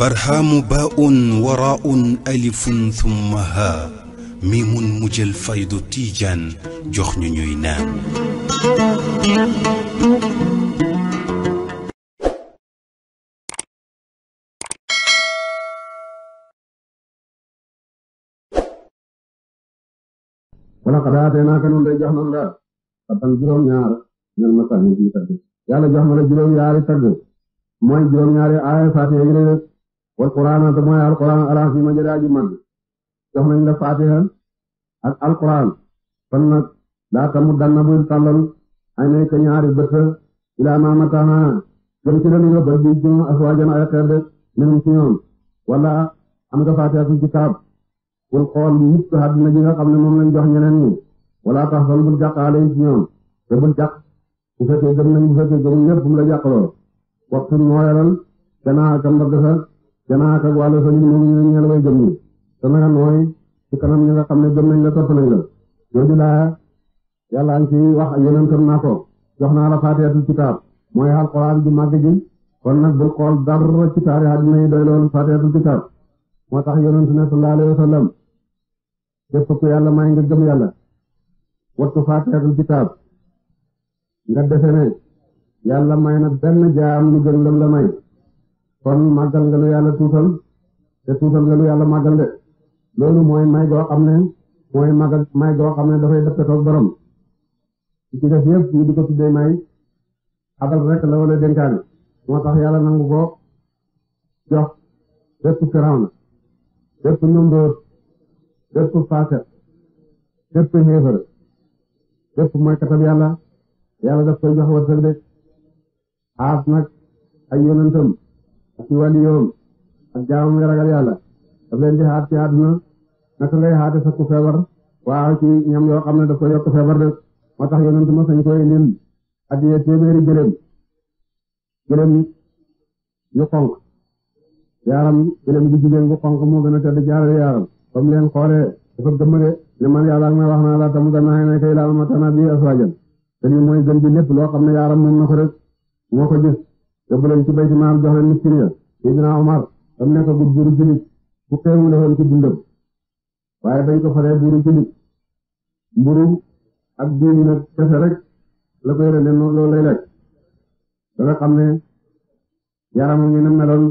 barhaamu baaun waraaun alifun thumma haa miimun mu jël faydu tiijaan jox ñu ñuy naan wala xadaa te naa kanun de jox nan la xatan juróom ñaar ñal masaani bi tagg yàlla jox na la juróom ñaari tagg mooy juróom ñaari aaya faatiha yi wal quraan te mooy al quraan alaasima jële aji mag jox nañ la faatiha ak al quraan kon nag laa tamu danna bul tàllal ay i ka ñaari bët ilaa ma mataana jëm ci lañu nga bëgg di jëm aswaajan ay xeer de minum wala am nga faatiha fi kitaab bul xool mukk àddina ji nga xam ne moom lañ jox ñeneen ñi wala tax fan bul jàq ale ci ñoom te bul jàq bu fekkee gëm nañ bu fekkee gëm ñëpp bu mu la jàqloo waxtu nooyalal janaa ak wàllu sa nit ñi ñu ñeel way gëm ñi te naka nooy ci kanam ñi nga xam ne gëm nañ la topp nañ la jooju laa yàlla ngi ci wax ak yeneen tam naa ko jox naa la faatihatul kitaab mooy alxuraan ju màgg ji kon nag bul xool dara ci taari àddina yi doy loolu faatihatul kitaab moo tax yonent ne sallallahu alayhi wa sallam def ko yàlla may nga gëm yàlla wattu faatihatul kitaab nga defe ne yàlla may benn jaam lu gën lam la may kon màggal nga lu yàlla tuutal te tuutal nga lu yàlla màggal de loolu mooy may goo xam ne mooy màggal may goo xam ne dafay dëppatoog borom ci def yëpp ñu di ko tuddee may abal rek la wala dénkaani moo tax yàlla nangu ko jox bépp firawna bépp ñombóor bépp faset bépp xéefar bépp mooy katab yàlla yàlla daf koy jox wërsëg de aas nag ay yonentam ci waliyoom ak jaamam yi ragal yàlla daf leen di xaat ci àdduna naka lay xaate sakku feebar waaw ci ñam yoo xam ne daf ko yokk feebar de moo tax yonent ma sañ koy indil addiye téeméeri gëléem gëléem yu xonq yaaram gëléem gu jigéen gu xonq gën a tedd jaarale yaaram comme leen xoolee dafa gëmm de man yàlla ak ma wax naa la tamu gannaaxe kay laal ma tana bi aswajan te mooy gën di lépp loo xam ne yaaram moom na ko rek moo ko gis yóbbu leen ci bayti maal jox leen miskin Omar ba mu gud buuru jullit ku xeewu la woon ci dundam waaye bañ ko falee buuru mburu ak diini nag kese rek la koy rende noonu loolu lay lekk da ne yaramam ñu meloon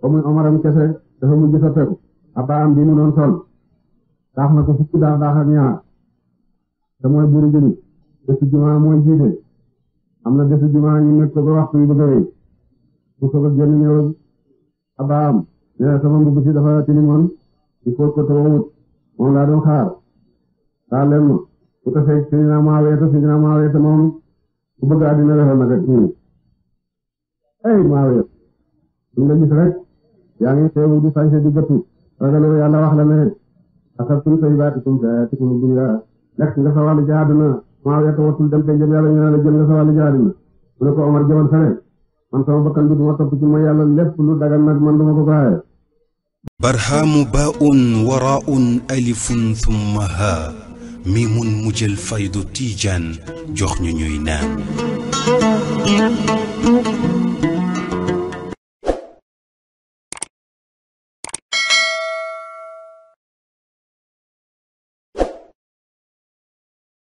ba muy Omaram kese dafa mujj soppeeku abbaam bi mu sol tax na ko daax daax ak ñaar te mooy buuru jullit te ci jumaa am na defi jumaa ñu nekk ba waxtu yu bëgg a wéy su ko bëgg génn ñëw abaam nee na sama mbubb si dafa tilimoon ci ko tama moom laa doon xaar xaar si dina maa weeta si dina maa weeta moom ku bëgg àddina defal nag ak ñun ay maa yaa ngi xeewu di sañse di gëttu ragaloo yàlla wax la ne asabtum sayyi'aatikum fa aatikumud dunya lekk nga sa wàll ci àdduna waaw yaa tawassul dem tey jëm yàlla ñu ne la jël nga sa wàllu jaari mi mu ne ko Omar jëmal feneen man sama bakkan bi duma topp ci mooy yàlla lépp lu dagan nag man duma ko baaye. barhamu baun waraun alifun thumma ha mimun mujjal faydu tiijaan jox ñu ñuy naan.